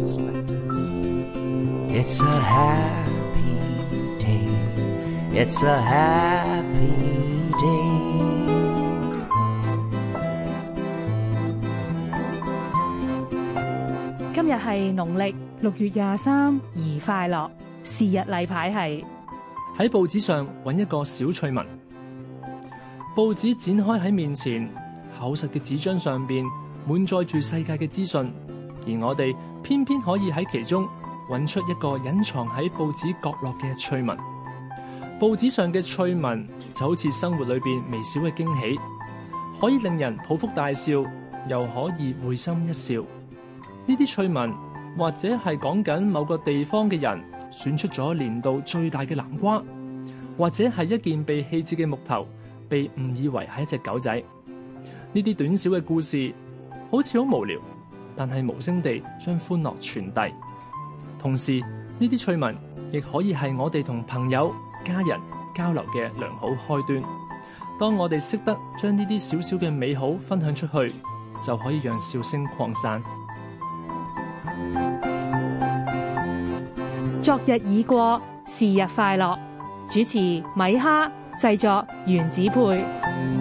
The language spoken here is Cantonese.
It's a happy day. It's a happy day. 今日係農曆六月廿三，宜快樂日。是日例牌係喺報紙上揾一個小趣聞。報紙展開喺面前，厚實嘅紙張上邊滿載住世界嘅資訊。而我哋偏偏可以喺其中揾出一個隱藏喺報紙角落嘅趣聞。報紙上嘅趣聞就好似生活裏邊微小嘅驚喜，可以令人抱腹大笑，又可以會心一笑。呢啲趣聞或者係講緊某個地方嘅人選出咗年度最大嘅南瓜，或者係一件被棄置嘅木頭，被誤以為係一隻狗仔。呢啲短小嘅故事好似好無聊。但係無聲地將歡樂傳遞，同時呢啲趣聞亦可以係我哋同朋友、家人交流嘅良好開端。當我哋識得將呢啲少少嘅美好分享出去，就可以讓笑聲擴散。昨日已過，是日快樂。主持米哈，製作原子配。